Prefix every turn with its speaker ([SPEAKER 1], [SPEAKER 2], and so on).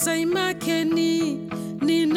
[SPEAKER 1] nzayimakeni ni